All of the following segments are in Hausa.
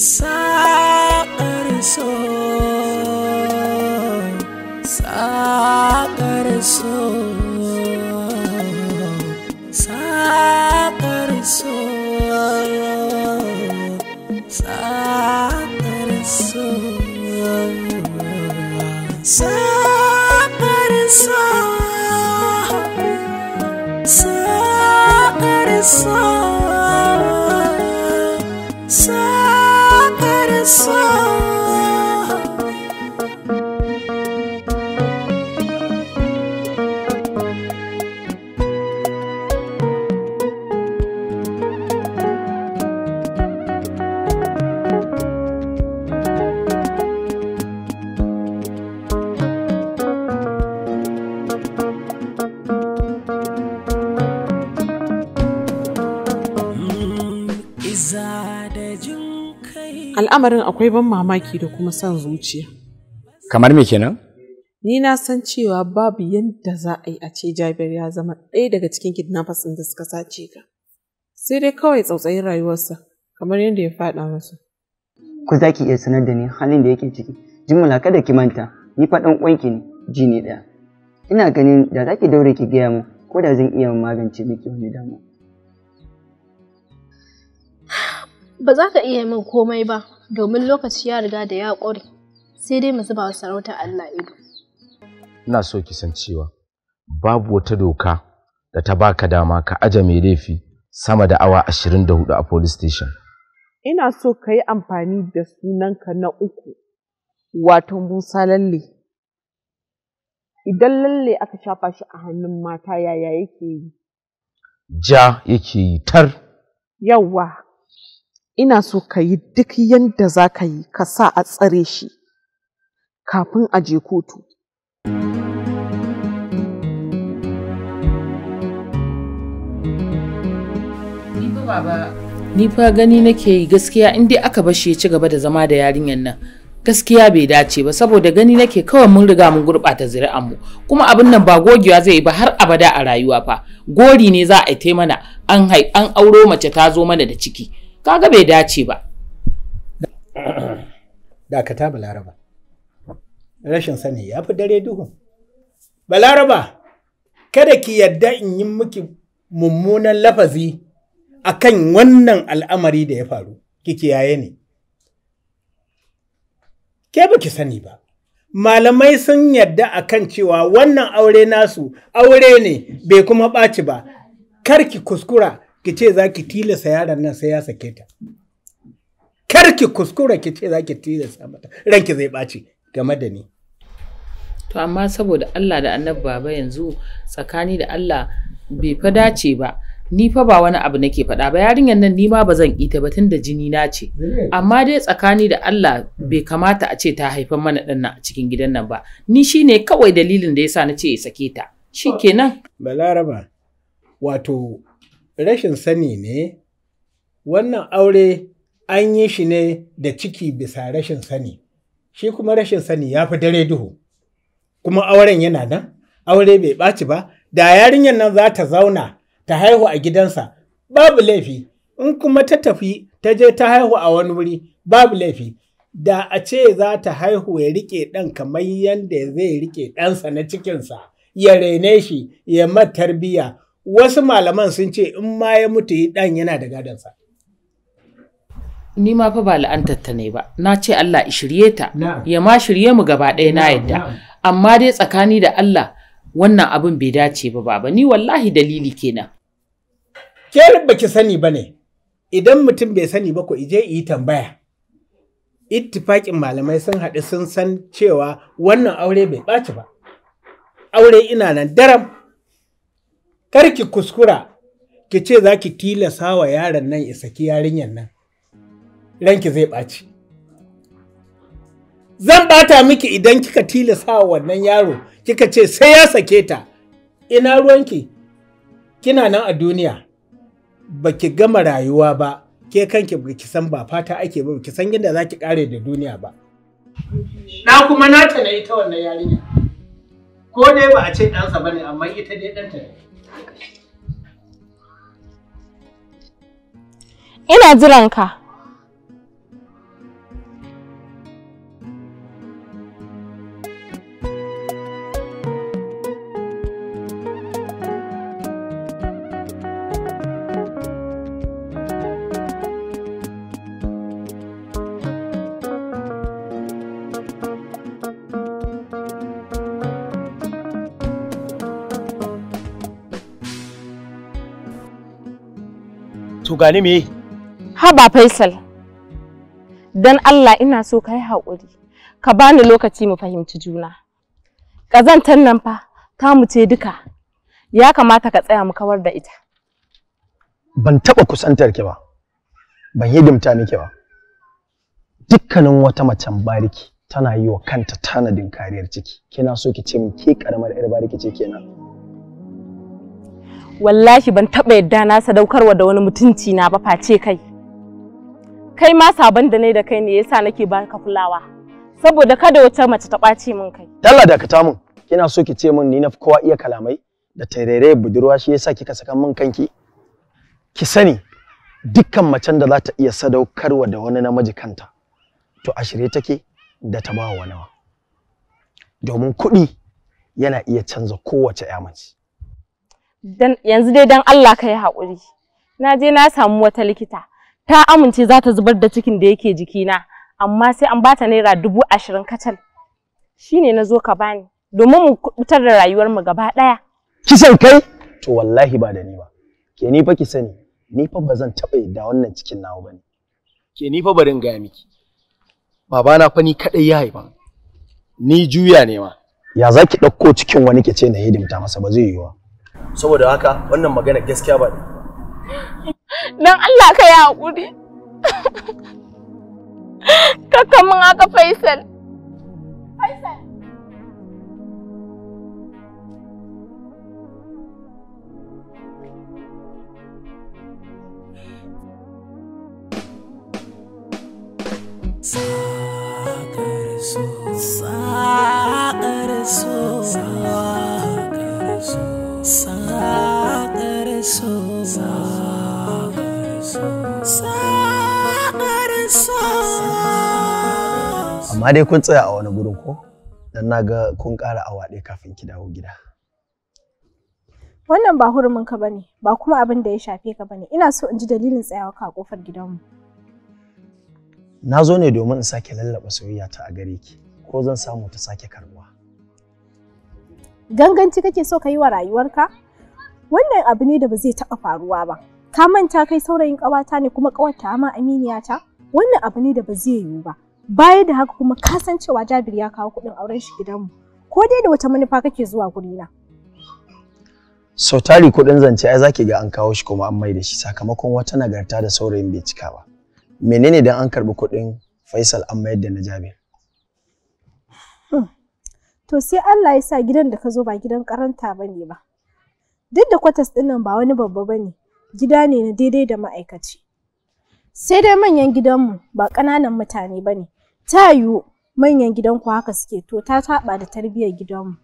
saƙar so so Al'amarin akwai ban mamaki da kuma son zuciya. Kamar me kenan? Ni na san cewa babu yadda za a yi a ce Jabir ya zama ɗaya daga cikin kidnappers da suka sace ka. Sai dai kawai tsautsayin rayuwarsa kamar yadda ya faɗa masa. Ku za ki iya sanar da ni halin da yake ciki. Jimula kada ki manta, ni faɗan ƙwanki ne, ji ne ɗaya. Ina ganin da za ki daure ki gaya mu ko da zan iya magance miki wani damuwa. Ba za ka iya min komai ba, domin lokaci ya riga da ya ƙware, sai dai mu zuba wa sarauta Allah ido. Ina so ki san cewa babu wata doka da ta baka dama ka aje mai laifi sama da awa ashirin da a police station. Ina so ka yi amfani da sunanka na uku, wato Musa Lalle. Idan lalle aka shafa shi a hannun mata yaya yake yi? Ja yake yi tar. Yawwa, ina so ka yi duk yadda za ka yi ka sa a tsare shi kafin a je kotu. Ni fa gani nake yi gaskiya inda aka bashi ya ci gaba da zama da yarinyar nan. Gaskiya bai dace ba saboda gani nake kawai mun riga mun gurɓata zuri'anmu kuma abin nan ba gogewa zai yi ba har abada a rayuwa fa gori ne za a yi mana an auro mace ta zo mana da ciki kaga bai dace ba dakata balaraba rashin sani ya fi dare duhu balaraba kada ki yarda in yi miki mummunan lafazi a kan wannan al'amari da ya faru ki kiyaye ne ke ba ki sani ba malamai sun yarda a kan cewa wannan aure nasu aure ne bai kuma ɓaci ba kar ki kuskura ki ce za ki tilasa yaron nan sai ya sake ta kar ki kuskura ki ce za ki tilasa mata ranki zai ɓaci game da ni to amma saboda Allah da annabi baba yanzu tsakani da Allah bai fa dace ba ni fa ba wani abu nake faɗa ba yarinyar nan ni ma ba zan ita ba tunda jini na ce amma dai tsakani da Allah bai kamata a ce ta haifa mana ɗan a cikin gidan nan ba ni shine kawai dalilin da yasa na ce ya sake ta shi shikenan balaraba wato rashin sani ne, wannan aure an yi shi ne da ciki bisa rashin sani, shi kuma rashin sani ya fi dare duhu, kuma auren yana nan, aure bai ɓaci ba, da yarinyar nan za ta zauna ta haihu a gidansa, babu laifi, in kuma ta tafi ta je ta haihu a wani wuri, babu laifi. Da a ce za ta haihu ya riƙe ɗan kamar yadda zai riƙe ɗansa na cikinsa, ya rene shi, ya matarbiya, wasu malaman sun ce in ma ya mutu ɗan yana da gadonsa. Ni ma fa ba la'antar ta ne ba, na ce Allah shirye ta, ya ma shirye mu gaba ɗaya na yadda, amma dai tsakani da Allah wannan abin bai dace ba baba, ni wallahi dalili kenan. Ke ba ki sani ba ne, idan mutum bai sani ba ku ije yi tambaya. Ittifaƙin malamai sun haɗu sun san cewa wannan aure bai ɓaci ba, aure ina nan daram. kar ki kuskura ki ce za ki tilasa wa yaron nan ya saki yarinyar nan ranki zai ɓaci zan ɓata miki idan kika tilasa wa wannan yaro kika ce sai ya sake ta ina ruwanki kina nan a duniya ba ki gama rayuwa ba ke kanki ba ki san ba fata ake ba ki san yadda za ki kare da duniya ba na kuma na na ita wannan yarinya ko dai ba a ce ɗansa ba ne amma ita dai ɗanta ne Ina jiran ka. gani me? Haba Faisal. Dan Allah ina so ka yi haƙuri. Ka bani lokaci mu fahimci juna. Ƙazantar nan fa ta mu ce duka. Ya kamata ka tsaya mu kawar da ita. Ban taɓa kusantar ki ba. Ban hidimta miki ba. Dukkanin wata macen bariki tana yi wa kanta tanadin kariyar ciki. Kina so ki ce min ke karamar 'yar bariki ce kenan. wallahi ban taɓa yadda na sadaukarwa da wani mutunci na ba face kai kai ma saban da ne da kai ne yasa nake baka kulawa saboda kada wata mace ta ɓace min kai Allah da ka mun kina so ki ce min ni na fi kowa iya kalamai da tarere budurwa shi yasa kika saka min kanki ki sani dukkan macen da za ta iya sadaukarwa da wani namiji kanta to a shirye take da ta ba wa nawa domin kuɗi yana iya canza kowace 'ya mace yanzu dai dan Allah ka yi haƙuri na je na samu wata likita ta amince za ta zubar da cikin da yake jikina amma sai an bata naira dubu ashirin kacal shine na zo ka bani domin mu kubutar da rayuwar mu gaba ɗaya. kisan kai to wallahi ba da ni ba ke ni fa ki sani ni fa ba zan taɓa yadda wannan cikin nawa ba ke ni fa barin gaya miki Baba na fa ni kaɗai ya haifa ni juya ne ma ya zaki ki ɗauko cikin wani ke na hidimta masa ba zai yiwa? saboda haka wannan magana gaskiya ba dan Allah ka yi hakuri kakkan mun aka faisal amma dai kun tsaya a wani gurin ko dan na ga kun ƙara awa ɗaya kafin ki dawo gida wannan ba hurumin ka bane ba kuma abin da ya shafe ka bane ina so in ji dalilin tsayawa ka a kofar gidanmu na zo ne domin in sake lallaba soyayya ta a gare ki ko zan samu ta sake karbuwa ganganci kake so ka yi wa rayuwarka wannan abu ne da ba zai taɓa faruwa ba ka manta kai saurayin ƙawata ne kuma ta ma aminiyata wannan abu ne da ba zai yiwu ba baya da haka kuma ka san cewa Jabir ya kawo kuɗin auren shi gidanmu ko dai da wata manufa kake zuwa na. sau tari kuɗin zance ai zaki ga an kawo shi kuma an mai da shi sakamakon wata nagarta da saurayin bai cika ba menene dan an karɓi kuɗin Faisal an mayar da na Jabir hmm. to sai Allah ya sa gidan da ka zo ba gidan karanta bane ba duk da kwatas ɗinnan ba wani babba bane gida ne na daidai da ma'aikaci sai dai manyan gidanmu ba ƙananan mutane ba ne ta yiwu manyan gidanku haka suke to ta taɓa da tarbiyyar gidanmu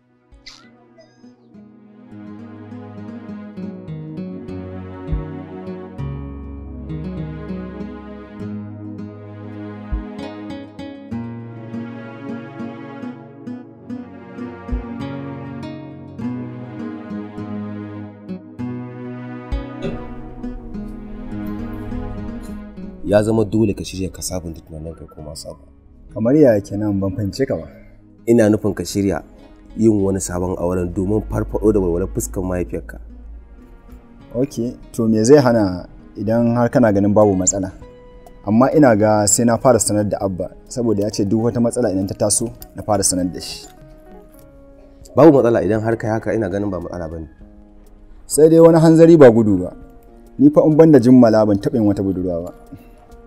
ya zama dole ka shirya ka sabunta tunanin ko masu abu. kamar ya nan ban fahimce ka ba ina nufin ka shirya yin wani sabon auren domin farfado da walwalar fuskar mahaifiyarka ok to me zai hana idan har kana ganin babu matsala amma ina ga sai na fara sanar da abba saboda ya ce duk wata matsala idan ta taso na fara sanar da shi babu matsala idan har kai haka ina ganin ba matsala bane sai dai wani hanzari ba gudu ba ni fa in ban da jimmala ban taɓa yin wata budurwa ba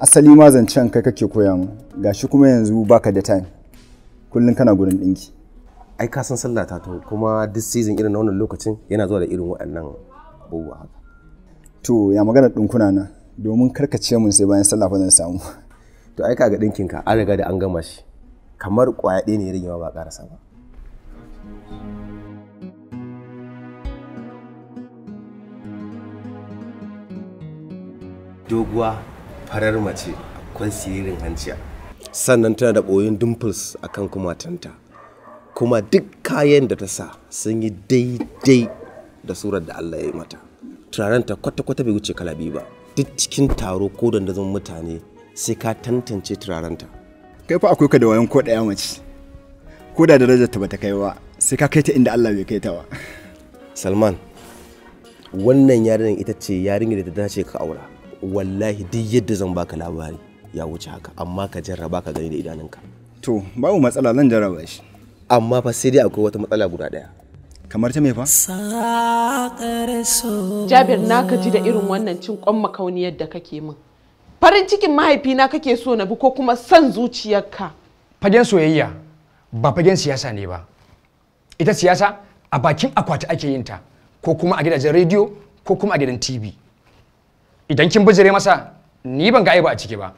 asali ma zancen kai kake koya mu gashi kuma yanzu baka da time kullum kana gurin dinki ai ka san sallah ta to kuma duk season irin na wannan lokacin yana zuwa da irin waɗannan abubuwa haka to ya magana dinkuna na domin karkace mun sai bayan sallah fa zan samu to ai ga dinkin ka an riga da an gama shi kamar kwaya ɗaya ne ya rigewa ba karasa ba doguwa farar mace akwai siririn hanciya sannan tana da ɓoyin dimples akan kumatanta kuma duk kayan da ta sa sun yi daidai da surar da Allah ya yi mata turaren ta kwata-kwata bai wuce kala biyu ba duk cikin taro ko dandazon mutane sai ka tantance turaren ta kai fa akwai ka da wayan ko ɗaya mace ko da darajar ta bata kai ba sai ka kai ta inda Allah bai kai ta ba salman wannan yarinyar ita ce yarinyar da ta dace ka aura wallahi duk yadda zan baka labari ya wuce haka amma ka jarraba ka gani da idanunka to babu matsala zan jarraba shi amma fa sai dai akwai wata matsala guda daya kamar ta me fa Jabir na ka ji da irin wannan cin kwan makauniyar da kake min farin cikin mahaifina kake so na bi ko kuma son zuciyarka fagen soyayya ba fagen siyasa ne ba ita siyasa a bakin akwati ake yin ta ko kuma a gidajen rediyo ko kuma a gidan tv idan kin bijire masa ni ban ga ba a ciki ba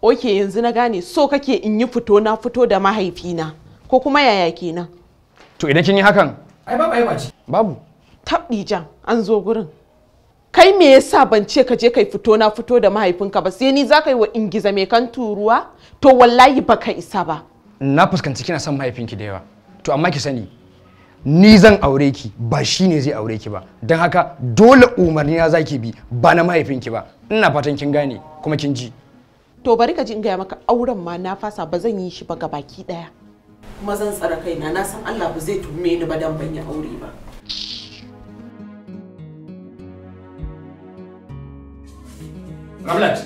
ok yanzu na gane so kake in yi fito na fito da mahaifina ko kuma yaya kenan to idan kin yi hakan ai babu ai baci babu tabdi jan an zo gurin kai me yasa ban ce ka je kai fito na fito da mahaifinka ba sai ni za ka yi wa ingiza mai kan turuwa to wallahi baka isa ba na fuskanci kina son mahaifinki da yawa to amma ki sani ni zan aure ki ba shi ne zai aure ki ba don haka dole umarni na zaki bi ba na mahaifinki ba ina fatan kin gane kuma kin ji to bari ka ji in gaya maka auren ma na fasa ba zan yi shi ba baki daya kuma zan tsara kaina na san Allah ba zai tume ni ba dan ban yi aure ba Ramlat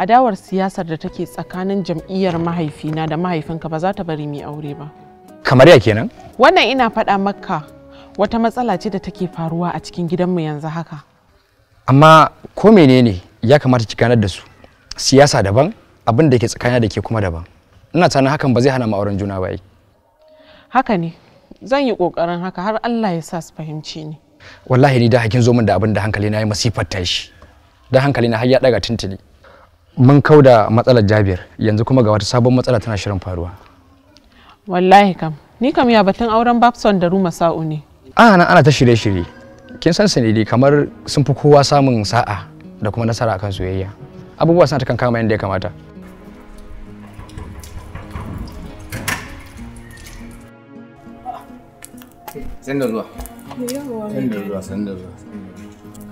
adawar siyasar da take tsakanin jam'iyyar mahaifina da mahaifinka ba za ta bari mu aure ba kamar ya kenan wannan ina faɗa maka wata matsala ce da take faruwa a cikin gidanmu yanzu haka amma ko menene ya kamata ki ganar da su siyasa daban abin da ke tsakani da ke kuma daban ina tana hakan ba zai hana mu auren juna ba haka ne zan yi kokarin haka har Allah ya sa su fahimci ni wallahi ni da hakin zo min da abin da hankali na yi masifar tashi da hankali na har ya daga tuntuni mun da matsalar Jabir yanzu kuma ga wata sabon matsala tana shirin faruwa wallahi kam ni kam ya batun auren Babson da Ruma Sa'u ne a nan ana ta shirye-shirye kin san sanidi kamar sun fi kowa samun sa'a da kuma nasara akan soyayya abubuwa suna ta kan kama yadda ya kamata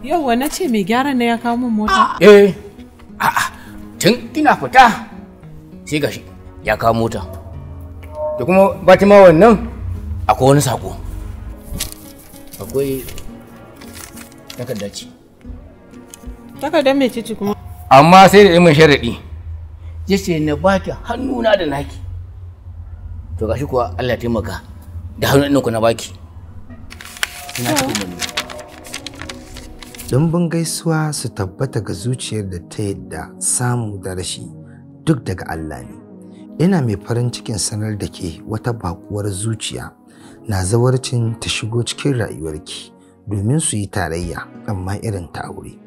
yau ce mai gyara na ya kawo min mota eh a'a tun ina fita sai shi ya kawo mota da kuma batima wannan akwai wani sako akwai takarda ce takardar mai cici kuma amma sai da imin sharaɗi ya ce na baki hannuna da naki to gashi kuwa allah taimaka da hannun ku na baki ina cikin Ɗumbin gaisuwa su tabbata ga zuciyar da ta yadda samu da rashi duk daga Allah ne. Ina mai farin cikin sanar da ke wata bakuwar zuciya na zawarcin ta shigo cikin rayuwarki domin su yi tarayya amma irin ta aure.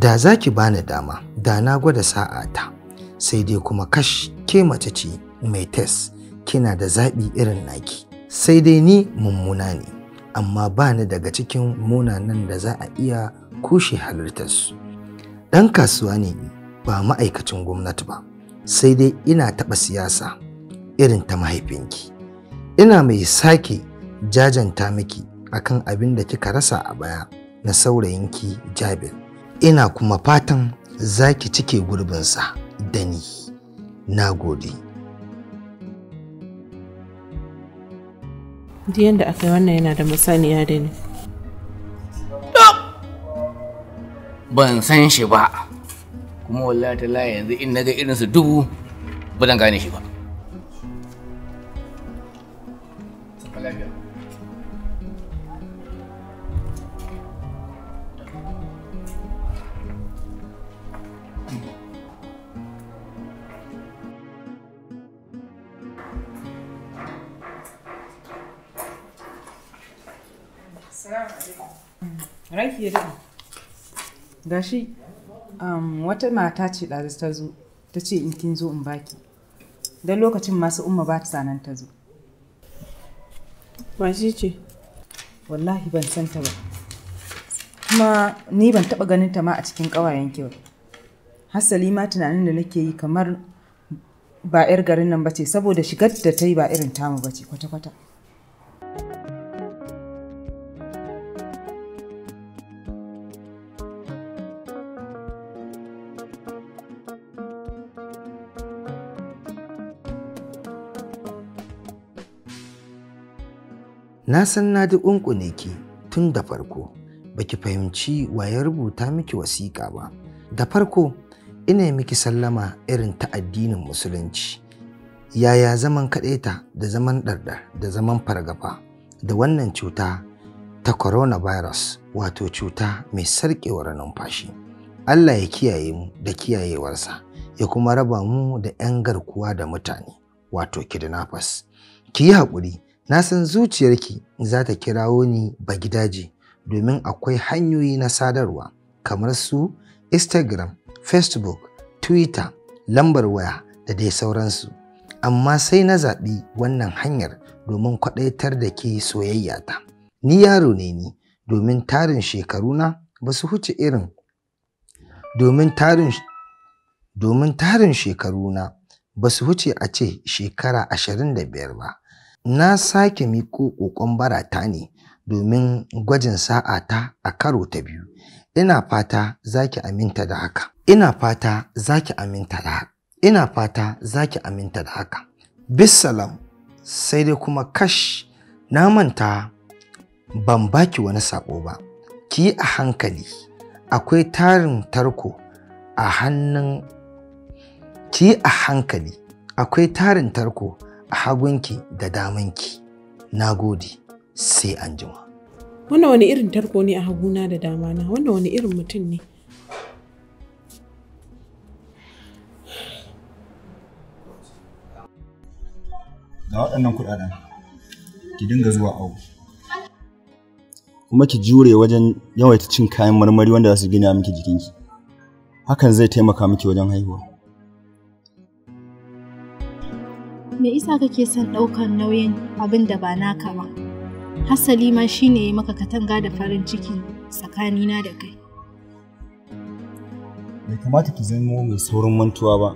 Da za ki bani dama, da na gwada sa'a ta, sai dai kuma kash ke mace ce mai tes kina da zaɓi irin naki. Sai dai ni mummuna ne, amma bani daga cikin munanan da za a iya kushe su, ɗan kasuwa ne ba ma'aikacin gwamnati ba sai dai ina taɓa siyasa irin ta mahaifinki ina mai sake jajanta miki akan abin da kika rasa a baya na saurayinki jabir ina kuma fatan za ki cike gurbinsa da ni na gode Diyan da aka yi wannan yana da masaniya da ni ban san shi ba kuma wallahi ta yanzu in naga irinsu dubu ba zan gane shi ba wata mata ce ɗazu ta zo ta ce in kin zo in baki don lokacin masu umma ba ta sanan ta zo mashi ce wallahi ban san ta ba kuma ni ban taɓa ganin ta ma a cikin ƙawayen ki ba hasali ma tunanin da nake yi kamar ba 'yar garin nan ba ce saboda shigar da ta yi ba irin tamu ba ce kwata-kwata na san na ji ƙunƙune ki tun da farko ba ki fahimci wa ya rubuta miki wasiƙa ba da farko ina miki sallama irin ta addinin musulunci yaya zaman kaɗaita da zaman ɗarɗa da zaman fargaba da wannan cuta ta coronavirus wato cuta mai sarƙewar numfashi Allah ya kiyaye mu da kiyayewarsa ya kuma raba mu da 'yan garkuwa da mutane wato kidnappers ki yi haƙuri Na san zuciyarki za ta kirawo ni ba gidaje, domin akwai hanyoyi na sadarwa kamar su Instagram, Facebook, Twitter, lambar waya da dai sauransu. Amma sai na zaɓi wannan hanyar domin kwaɗaitar da ke soyayyata. Ni yaro ne ni domin tarin shekaruna ba su huce irin domin tarin shekaruna ba su huce a ce shekara ashirin da biyar ba na sake miko kokon barata ne domin gwajin sa'ata a karo ta biyu. Ina fata za ki aminta da haka. Ina fata za aminta da haka. Ina fata za aminta da haka. Bissalam sai dai kuma kash na manta ban baki wani sako ba. Ki a hankali akwai tarin tarko a hannun ki a hankali akwai tarin tarko hagunki da damanki na gode sai an jima wannan wani irin tarko ne a haguna da damana wannan wani irin mutum ne Da waɗannan kuɗaɗen ki dinga zuwa awo kuma ki jure wajen yawaita cin kayan marmari wanda za su gina miki jikinki hakan zai taimaka miki wajen haihuwa me isa kake son ɗaukar nauyin abin da ba naka ba hasali ma shine ya maka katanga da farin ciki tsakanina da kai bai kamata ki zama mai saurin mantuwa ba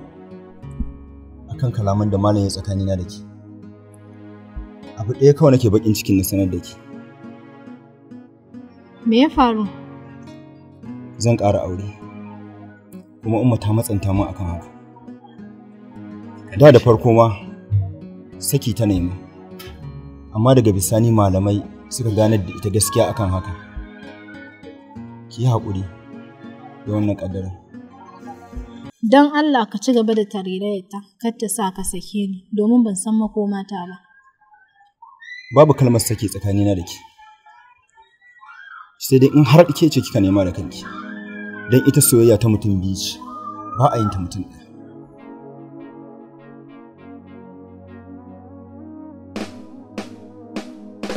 akan kalaman da malam ya tsakanina da ke abu ɗaya kawai nake bakin cikin na sanar da ke me ya faru zan ƙara aure kuma umma ta matsanta mu akan haka da da farko ma saki ta nemi, amma daga bisani malamai suka gane da ita gaskiya akan haka ki yi haƙuri da wannan ƙaddara don Allah ka ci gaba da tarirayarta kar ta sa ka sake ni domin ban san mata ba babu kalmar sake tsakanina da ke sai dai in har ke ce kika nema da kanki don ita soyayya ta mutum biyu ce ba a yin ta mutum ɗaya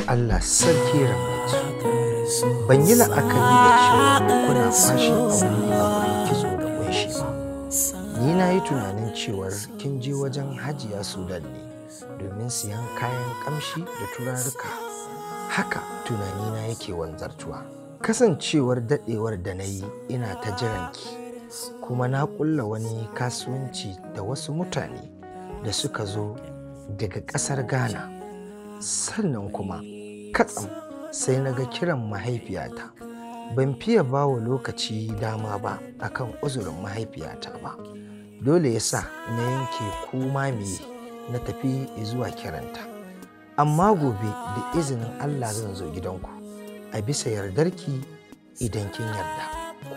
Allah sarki ramaitu ban yi la'akari da cewa kuna fashi a wurin kitso da kunshi ba ni na yi tunanin cewar kin je wajen hajiya sudan ne domin siyan kayan kamshi da turaruka haka tunanina yake wanzartuwa kasancewar dadewar da na yi ina ta jiranki kuma na kulla wani kasuwanci da wasu mutane da suka zo daga ƙasar ghana sannan kuma katsam sai na ga kiran mahaifiyata ban fiye ba wa lokaci dama ba akan uzurin mahaifiyata ba dole ya sa na yanke kuma me na tafi zuwa kiranta amma gobe da izinin allah zan zo gidanku a bisa yardarki idan kin yarda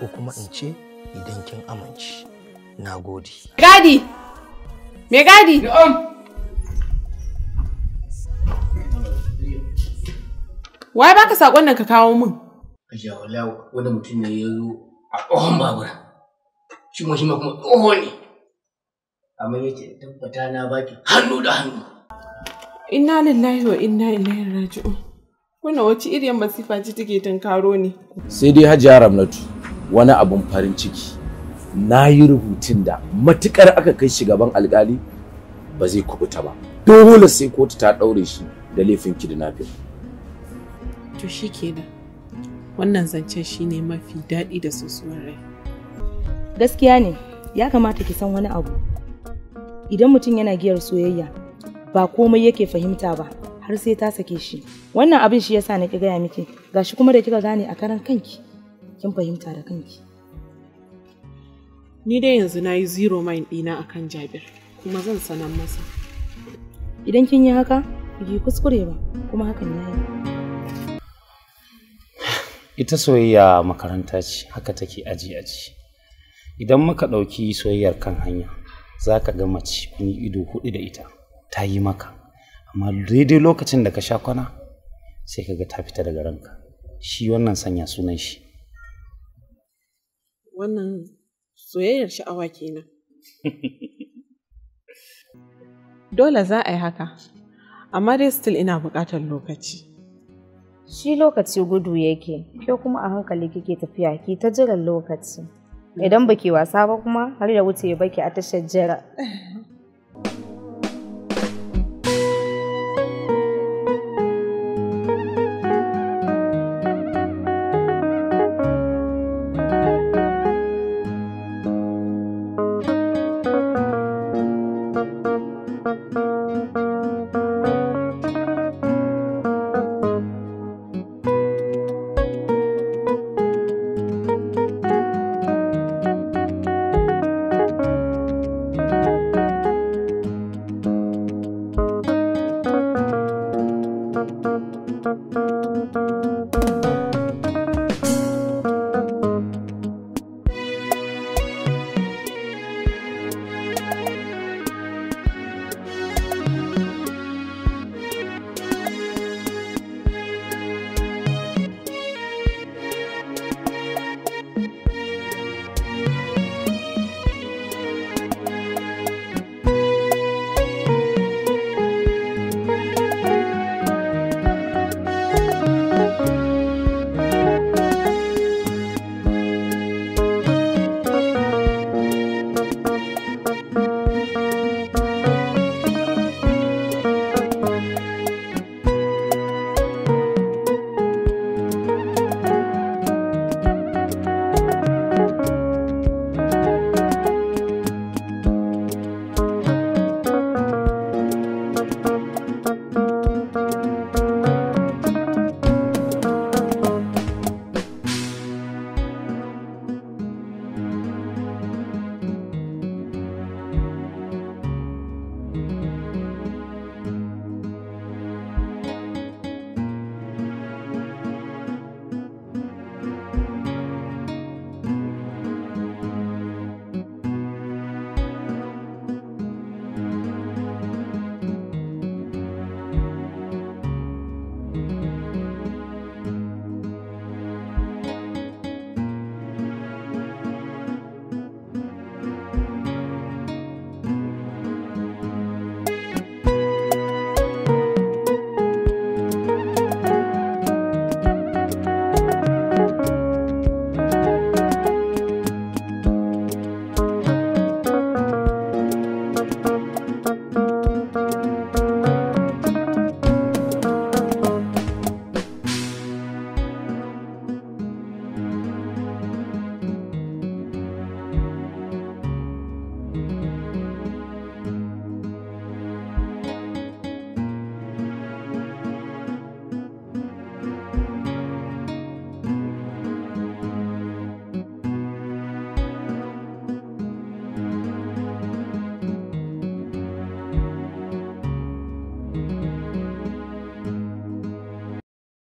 ko kuma in ce idan kin amince na gode gadi me gadi Wai baka sakon nan ka kawo min? Ya wala wani mutum ne ya zo a tsohon babur. Shi ma shi ma kuma tsoho ne. Amma ya ce tabbata na baki hannu da hannu. Inna lillahi wa inna ilaihi raji'un. Wannan wace iriyan masifa ce take tunkaro ne? Sai dai Hajiya Ramnatu wani abun farin ciki. Na yi rubutun da matukar aka kai shi gaban alkali ba zai kubuta ba. Dole sai kotu ta ɗaure shi da laifin kidnapping. to shi kenan wannan zancen shine mafi daɗi da susuwar rai gaskiya ne ya kamata ki san wani abu idan mutum yana giyar soyayya ba komai yake fahimta ba har sai ta sake shi wannan abin shi yasa na ki gaya miki gashi kuma da kika gane a karan kanki kin fahimta da kanki ni dai yanzu na yi zero mind ɗina kan jabir kuma zan sanar masa idan kin yi haka ki kuskure ba kuma hakan ya yi ita soyayya makaranta ce haka take aji aji idan muka ɗauki soyayyar kan hanya za ka ga mace kun yi ido hudu da ita ta yi maka amma daidai lokacin da ka sha kwana sai ka ga ta fita daga ranka shi wannan sanya sunan shi wannan soyayyar sha'awa kenan dole za a yi haka amma dai still ina buƙatar lokaci shi lokaci gudu yake ke kuma a hankali kike tafiya ki ta jiran lokaci idan baki wasa ba kuma har ya wuce baki a tashar jira